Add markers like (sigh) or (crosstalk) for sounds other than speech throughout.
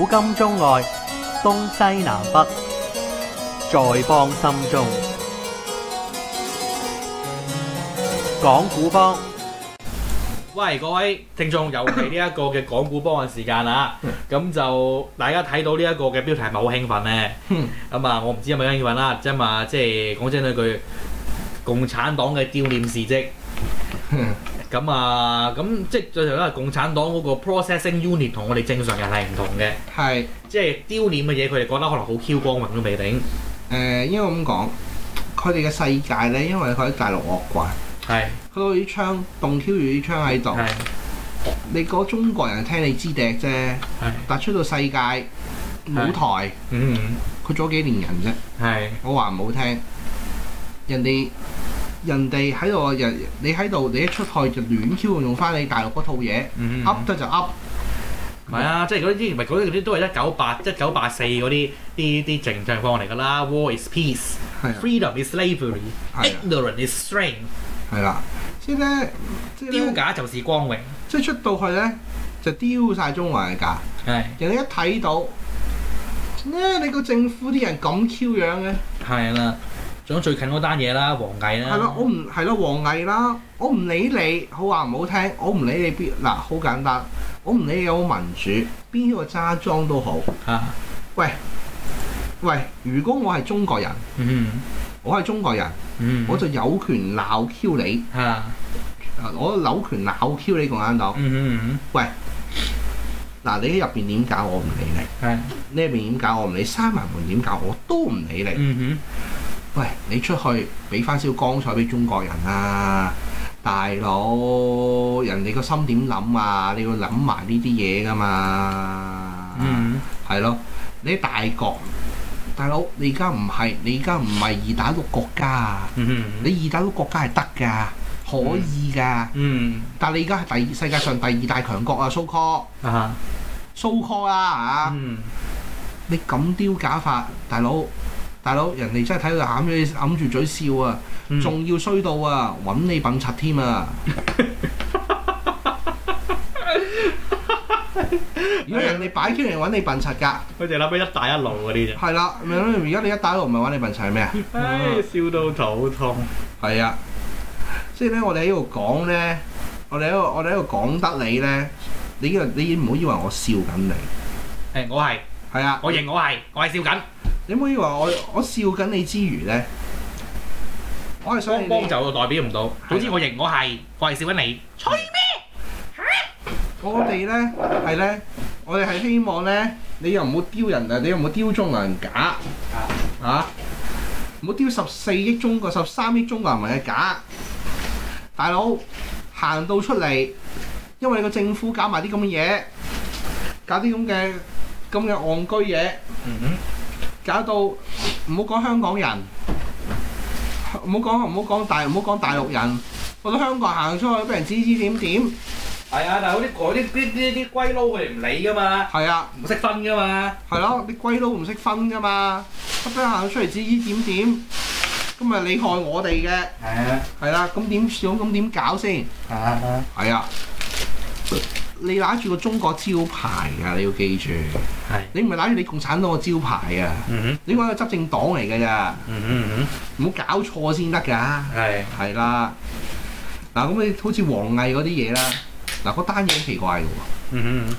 古今中外，東西南北，在邦心中。講故邦，喂各位聽眾，又嚟呢一個嘅講故邦嘅時間啊！咁就大家睇到呢一個嘅標題，咪好興奮呢。咁啊，我唔知有冇興奮啦，啫嘛，即係講真兩句，共產黨嘅丟臉事跡。咁啊，咁即係最後都係共產黨嗰個 processing unit 同我哋正常人係唔同嘅，係即係丟臉嘅嘢，佢哋覺得可能好 Q 光啊，都未定。誒，因為我咁講，佢哋嘅世界咧，因為佢喺大陸惡怪，係佢嗰啲槍，動 Q 住啲槍喺度，你個中國人聽你支笛啫，係，但出到世界舞台，嗯嗯，佢做咗幾年人啫，係，我話唔好聽，人哋。人哋喺度，人你喺度，你一出去就亂 Q 用翻你大陸嗰套嘢、嗯嗯嗯、，up 得就 up，唔係、嗯、啊，即係嗰啲之前咪嗰啲都係一九八一九八四嗰啲啲啲政情況嚟㗎啦。War is peace，freedom、啊、is slavery，ignorance、啊、is strength，係啦、啊，即係咧，即係丟架就是光榮，即係出去呢就出到去咧就丟晒中華嘅架，人哋一睇到咧你個政府啲人咁 Q 樣嘅，係啦、啊。最近嗰單嘢啦，王毅啦，係咯，我唔係咯，王毅啦，我唔理你，好話唔好聽，我唔理你邊嗱，好簡單，我唔理你。有民主邊個揸莊都好，啊、喂喂，如果我係中國人，嗯、哼我係中國人，嗯、哼我就有權鬧 Q 你，嗯、哼我有權鬧 Q 你、共產黨，嗯、哼喂，嗱，你喺入邊點搞我唔理你，係的，呢邊點搞我唔理，閂埋門點搞我都唔理你。喂，你出去俾翻少光彩俾中國人啊，大佬！人哋個心點諗啊？你要諗埋呢啲嘢㗎嘛？嗯，係咯，你大國，大佬，你而家唔係你而家唔係二打六國家啊？嗯，你二打六國家係得㗎，可以㗎、嗯。嗯，但係你而家係第世界上第二大強國、so uh huh. so called, 啊，so called 啊，so called 啊，嚇！嗯，你咁丟架法，大佬！大佬，人哋真係睇到揞住揞住嘴笑啊，仲、嗯、要衰到啊，揾你笨柒添啊！而 (laughs) 家擺人哋擺出嚟揾你笨柒噶？佢哋諗起一帶一路嗰啲啫。係啦，而家你一帶一路唔係揾你笨柒咩？唉、哎，笑到肚痛。係啊，即係咧，我哋喺度講咧，我哋喺度我哋喺度講得你咧，你依個你唔好以為我笑緊你。誒、欸，我係。係啊的，我認我係，我係笑緊。你唔可以話我，我笑緊你之餘咧，光光就代表唔到。總之我認我係，我係笑緊你。吹咩嚇？我哋咧係咧，我哋係希望咧，你又唔好丟人啊！你又唔好丟中國人假啊嚇！唔好丟十四億中國十三億中國人民嘅假，大佬行到出嚟，因為你個政府搞埋啲咁嘅嘢，搞啲咁嘅咁嘅戇居嘢。嗯哼。搞到唔好講香港人，唔好講唔好講大唔好講大陸人，好多香港行出去都俾人指指點點。係啊，但係嗰啲嗰啲啲啲啲鬼佬佢唔理㗎嘛。係啊，唔識分㗎嘛。係咯，啲鬼佬唔識分㗎嘛，一班行出去指指點點，咁咪你害我哋嘅。係啊。係啦，咁點算？咁點搞先？係啊係啊。係啊。你揦住個中國招牌㗎，你要記住。係。你唔係揦住你共產黨個招牌㗎。你講個執政黨嚟㗎咋？唔好搞錯先得㗎。係。係啦。嗱，咁你好似王毅嗰啲嘢啦。嗱，個單嘢好奇怪㗎喎。嗯哼。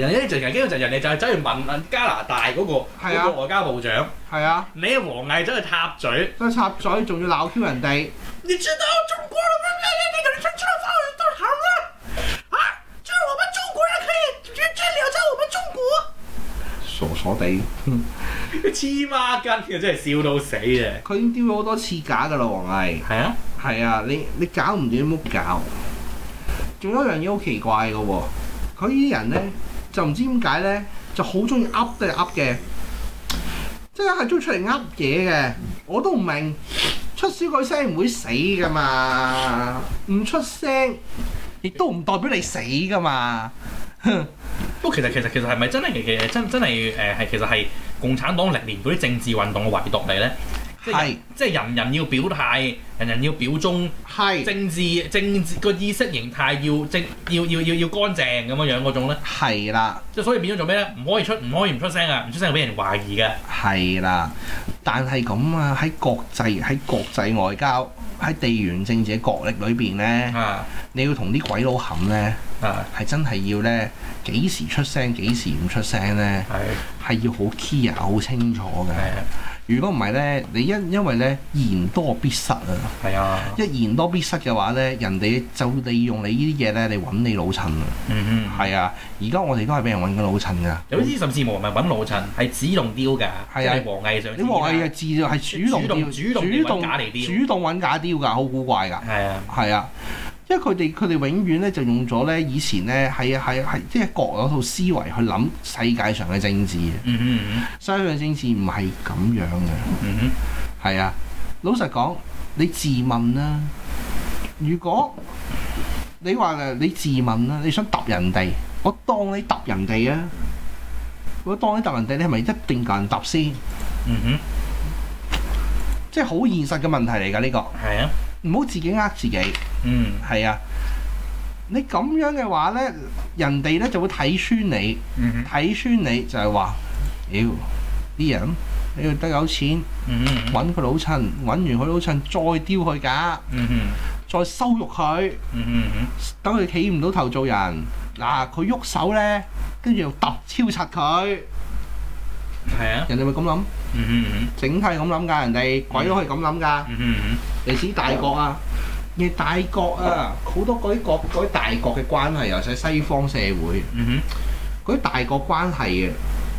人哋就人哋就係走去問問加拿大嗰個。係啊。外交部長。係啊。你王毅走去插嘴。去插嘴，仲要鬧 Q 人哋。你知道中國咩？我哋，黐孖筋嘅真係笑到死啊！佢已經丟咗好多次假噶啦，王毅。係啊，係啊，你你搞唔掂冇搞。仲有一樣嘢好奇怪嘅喎，佢啲人咧就唔知點解咧，就好中意噏嘅噏嘅，即係中意出嚟噏嘢嘅。我都唔明，出少個聲唔會死噶嘛？唔出聲亦都唔代表你死噶嘛？哼！不過其實其實其實係咪真係其實真真係誒係其實係共產黨歷年嗰啲政治運動嘅遺毒嚟咧？係是。即係人人要表態，人人要表忠。係是。政治政治個意識形態要正，要要要要乾淨咁樣樣嗰種咧。係啦的。即係所以變咗做咩咧？唔可以出，唔可以唔出聲啊！唔出聲就俾人懷疑嘅。係啦。但係咁啊，喺國際喺國際外交喺地緣政治嘅角力裏邊咧，嗯啊、你要同啲鬼佬冚咧。啊，係真係要咧，幾時出聲，幾時唔出聲咧？係，係要好 key e 好清楚嘅。如果唔係咧，你因因為咧言多必失啊。係啊，一言多必失嘅話咧，人哋就利用你呢啲嘢咧，你揾你老襯啊。嗯哼，係啊。而家我哋都係俾人揾緊老襯㗎。有啲甚至無人揾老襯，係主動雕㗎。係啊，黃藝上。啲黃藝嘅字就係主動主動主動揾假嚟雕。主動揾假雕㗎，好古怪㗎。係啊，係啊。因為佢哋佢哋永遠咧就用咗咧以前咧係係係即係各有一套思維去諗世界上嘅政治。嗯嗯嗯，世界上政治唔係咁樣嘅。嗯哼，係啊、嗯哼。老實講，你自問啦。如果你話誒，你自問啦，你想揼人哋，我當你揼人哋啊。我當你揼人哋，你係咪一定揀人揼先？嗯哼，即係好現實嘅問題嚟㗎呢個。係啊的，唔好自己呃自己。嗯，係啊，你咁樣嘅話呢，人哋呢就會睇穿你，睇、嗯、哼穿你就係話：妖啲人，你要得有錢，揾佢、嗯、哼老襯，揾完佢老襯再丟佢噶，嗯、哼再羞辱佢，等佢企唔到頭做人。嗱、啊，佢喐手呢，跟住又揼超柒佢，係啊，人哋咪咁諗，嗯嗯、整體咁諗㗎，人哋鬼都可以咁諗㗎，歷史、嗯嗯、大國啊！嗯嘅大國啊，好多嗰啲國嗰啲大國嘅關係，尤其西方社會，嗰啲、嗯、哼大國關係啊，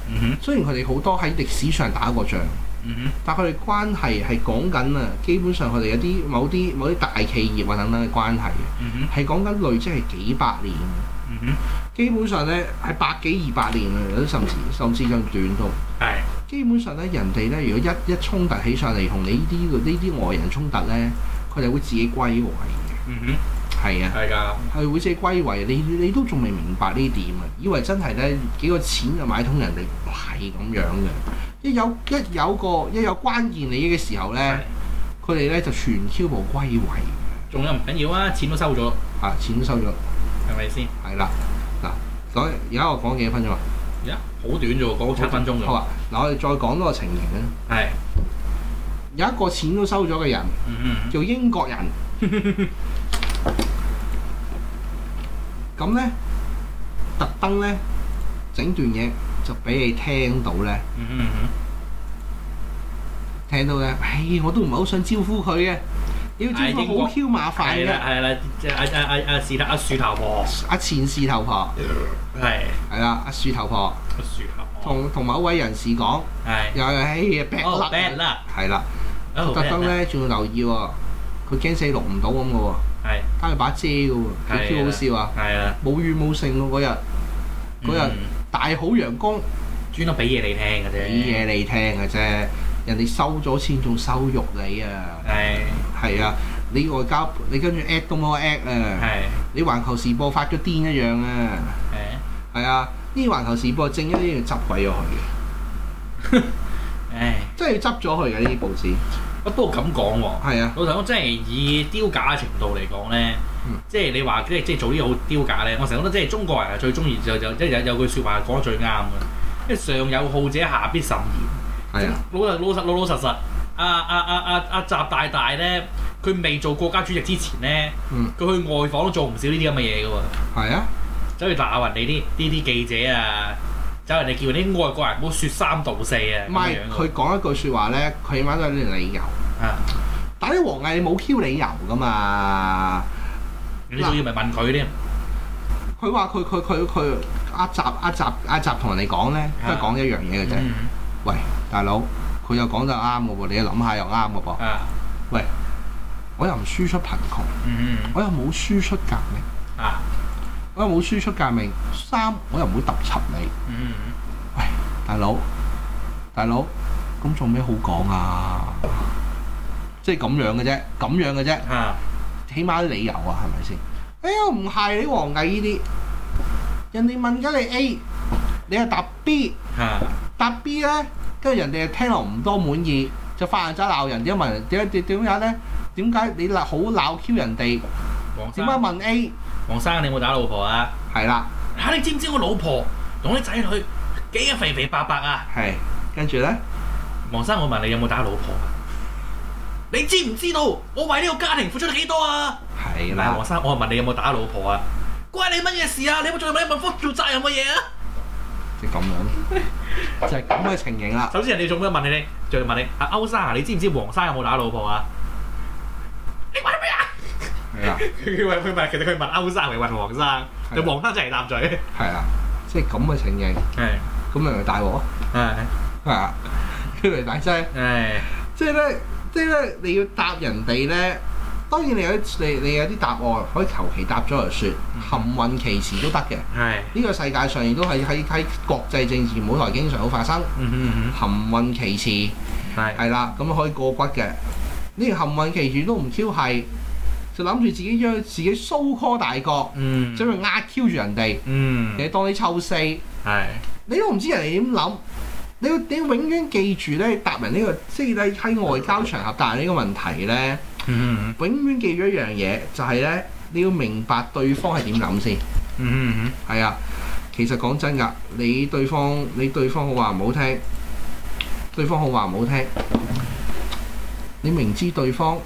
嗯、哼雖然佢哋好多喺歷史上打過仗，嗯、哼但佢哋關係係講緊啊，基本上佢哋有啲某啲某啲大企業啊等等嘅關係嘅，係講緊累積，即係幾百年，嗯、哼基本上咧係百幾二百年啊，有啲甚至甚至更短都。係是基本上咧，人哋咧如果一一衝突起上嚟，同你呢啲呢啲外人衝突咧。佢哋會自己歸位嘅，嗯哼，係啊，係㗎，係會自己歸位。你你，你都仲未明白呢點啊？以為真係咧幾個錢就買通人哋，唔係咁樣嘅。一有一有個一有關鍵利益嘅時候咧，佢哋咧就全部歸位嘅。仲有唔緊要啊，錢都收咗啊，錢都收咗，係咪先？係啦，嗱，所以而家我講幾分鐘啊？而家好短啫喎，講七分鐘㗎。好啊，嗱，我哋再講多個情形啊。係。有一個錢都收咗嘅人，做、嗯嗯、英國人那麼呢，咁咧特登咧整段嘢就俾你聽到咧，聽到咧，唉，我都唔係好想招呼佢嘅，要招呼好 Q 麻煩，係啦，係啦，即係阿阿阿阿是樹頭婆，阿前是頭婆，係係啦，阿樹頭婆，阿樹頭婆，同、啊、同、啊啊嗯、某位人士講，是又又唉劈落，係、哎、啦。特登咧仲要留意喎，佢驚死錄唔到咁嘅喎，加住把遮嘅喎，超好笑啊！係啊，冇雨冇成喎嗰日，嗰日大好陽光，專登俾嘢你聽嘅啫，俾嘢你聽嘅啫，人哋收咗錢仲羞辱你啊！係，係啊，你外交你跟住 at 都冇 at 啊！係，你環球時報發咗癲一樣啊！係，係啊，呢環球時報正一啲要執鬼咗佢。即係執咗佢嘅呢啲報紙。不過咁講喎，係啊，老實講，即係以丟假嘅程度嚟講咧，即係你話即係即係做啲好丟假咧。我成日覺得即係中國人係最中意就就即係有有句説話講得最啱嘅，即係上有好者，下必甚言。係啊，老實老實老老實實。阿阿阿阿阿習大大咧，佢未做國家主席之前咧，佢、嗯、去外訪都做唔少呢啲咁嘅嘢嘅喎。係啊，走去打暈人哋啲呢啲記者啊！走人哋叫啲外國人，唔好説三道四啊！唔係佢講一句説話咧，佢起碼都有啲理由。啊！但啲王毅冇挑理由噶嘛？你仲要咪問佢添？佢話佢佢佢佢阿習阿習阿習同人哋講咧，都係講一樣嘢嘅啫。喂，大佬，佢又講就啱嘅喎，你諗下又啱嘅噃。啊！喂，我又唔輸出貧窮，嗯嗯我又冇輸出革命。啊！我又冇輸出革命，三我又唔會揼柒你。嗯嗯。喂，大佬，大佬，咁做咩好講啊？即係咁樣嘅啫，咁樣嘅啫。啊，起碼啲理由啊，係咪先？哎呀，唔係你王毅呢啲，人哋問緊你 A，你又答 B。係。答 B 咧，跟住人哋又聽落唔多滿意，就發下仔鬧人。點解問？點點點解咧？點解你鬧好鬧 Q 人哋？王生點解問 A？黃生，你有冇打老婆啊？係啦的，吓、啊、你知唔知我老婆同啲仔女幾啊肥肥白白啊？係，跟住咧，黃生，我問你有冇打老婆啊？你知唔知道我為呢個家庭付出咗幾多啊？係的，嗱，黃生，我問你有冇打老婆啊？關你乜嘢，啊、事啊？你有冇做埋一份負做責任嘅嘢啊？你係咁樣，就係咁嘅情形啦。首先人哋仲要問你咧，仲要問你阿歐生啊，你知唔知黃生有冇打老婆啊？佢佢佢問，其實佢問歐生，嚟問黃生，就黃生就係攬嘴。係啊，即係咁嘅情形。係，咁咪咪大鑊。係，係啊，叫嚟大劑。係，即係咧，即係咧，你要答人哋咧，當然你有你你有啲答案可以求其答咗嚟説，含混其詞都得嘅。係，呢個世界上亦都係喺喺國際政治舞台經常好發生。嗯哼含混其詞。係，係啦，咁可以過骨嘅。呢個含混其詞都唔 Q，係。就諗住自己將自己 show call 大國，想去壓挑住人哋，嚟、嗯、當你抽絲的。你都唔知人哋點諗，你要你永遠記住咧，答人呢、這個即係喺外交場合答呢個問題咧，的永遠記住一樣嘢就係、是、咧，你要明白對方係點諗先。係啊，其實講真㗎，你對方你對方好話唔好聽，對方好話唔好聽，你明知對方。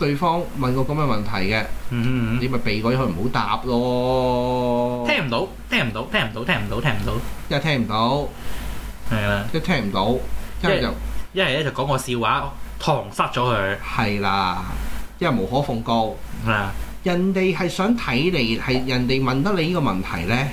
對方問過咁嘅問題嘅，你咪避過去唔好答咯。聽唔到，聽唔到，聽唔到，聽唔到，聽唔到。一係聽唔到，係啊，都聽唔到。一係咧就講個笑話搪塞咗佢。係啦，因為無可奉告。係啊，人哋係想睇你，係人哋問得你呢個問題咧，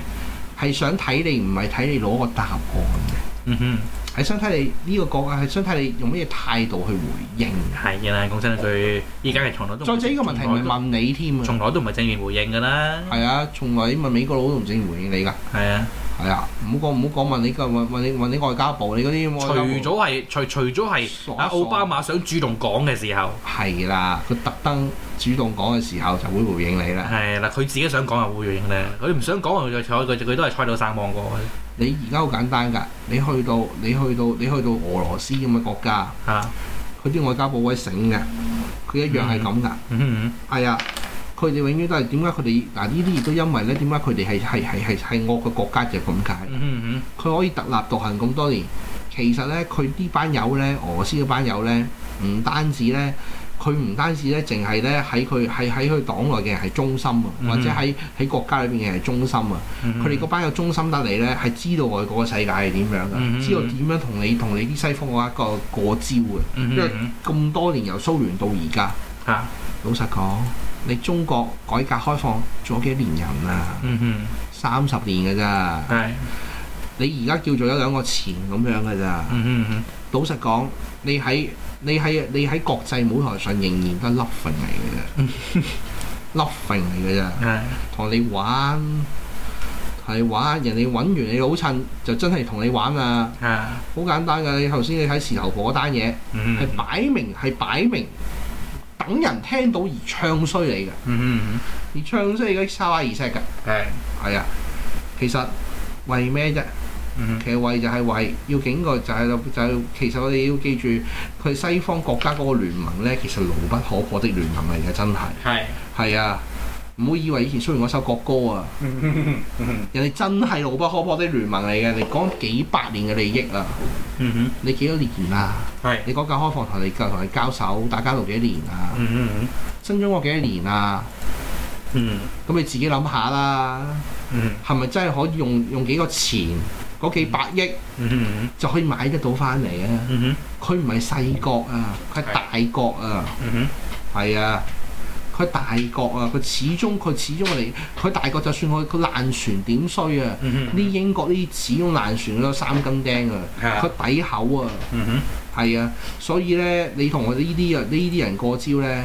係想睇你，唔係睇你攞個答案嘅。嗯哼。係想睇你呢個國家，係想睇你用咩態度去回應？係嘅啦，講真啦，佢依家嘅從來都再者呢個問題，唔係問你添啊！從來都唔係正面回應嘅啦。係啊，從來問美國佬都唔正面回應你㗎。係啊，係啊，唔好講，唔好講，問你㗎，問問你問你外交部，你嗰啲喎。除咗係，除除咗係啊，奧巴馬想主動講嘅時候。係啦，佢特登主動講嘅時候就會回應你啦。係啦，佢自己想講就回應咧，佢唔想講就睬佢佢都係睬到生望過。你而家好簡單㗎，你去到你去到你去到俄羅斯咁嘅國家，佢啲、啊、外交部位醒嘅，佢一樣係咁㗎，係啊、嗯，佢、嗯、哋、嗯嗯哎、永遠都係點解佢哋嗱呢啲亦都因為咧點解佢哋係係係係係惡嘅國家就咁解，佢、嗯嗯嗯、可以特立獨行咁多年，其實咧佢啲班友咧俄羅斯嘅班友咧唔單止咧。佢唔單止咧，淨係咧喺佢喺喺佢黨內嘅人係忠心啊，嗯、哼或者喺喺國家裏邊嘅人係忠心啊。佢哋嗰班有忠心得嚟咧，係知道外國嘅世界係點樣嘅，嗯、哼知道點樣同你同你啲西方嗰一個過招嘅。嗯、哼因為咁多年由蘇聯到而家嚇，啊、老實講，你中國改革開放咗幾年人啊？三十、嗯、哼年嘅咋？是你而家叫做有兩個錢咁樣嘅咋？嗯老實講，你喺你喺你喺國際舞台上仍然得 Laughing 嚟嘅啫，Laughing 嚟嘅啫。同你玩係玩，人哋揾完你老襯，就真係同你玩啦。好簡單噶，你頭先你睇時候播嗰單嘢，係、嗯嗯嗯、擺明係擺明等人聽到而唱衰你嘅。嗯,嗯嗯，而唱衰你啲沙娃意識噶。係係啊，其實為咩啫？其實為就係為要警告，就係，就係、係、就係、其實我哋要記住佢西方國家嗰個聯盟咧，其實牢不可破的聯盟嚟嘅，真係係係啊！唔好以為以前雖然嗰首國歌啊， (laughs) 人哋真係牢不可破的聯盟嚟嘅。你講幾百年嘅利益啊？ (laughs) 你幾多年啊？ (laughs) 你嗰個開放你講解放同你同佢交手打交道幾多年啊？ (laughs) 新中國幾多年啊？嗯，咁你自己諗下啦。嗯，係咪真係可以用用幾個錢嗰幾百億就可以買得到翻嚟啊！佢唔係細國啊，佢係大國啊，係、嗯、哼啊，佢大國啊，佢始終佢始終我哋，佢大國就算佢佢爛船點衰啊！呢、嗯、哼英國呢啲始終爛船都三斤釘啊，佢底厚啊，係、嗯、哼啊，所以呢，你同我呢啲啊呢啲人過招呢，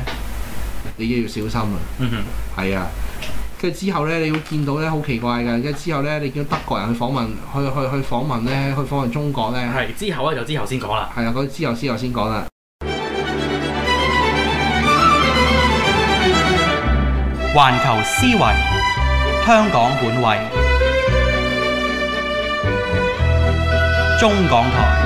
你都要小心啊，係、嗯、哼啊。即之後呢，你要見到呢，好奇怪嘅。跟係之後呢，你見到德國人去訪問，去去去訪問咧，去訪問中國呢。係之後呢，就之後先講啦。係啊，佢之後、之後先講啦。環球思維，香港本位，中港台。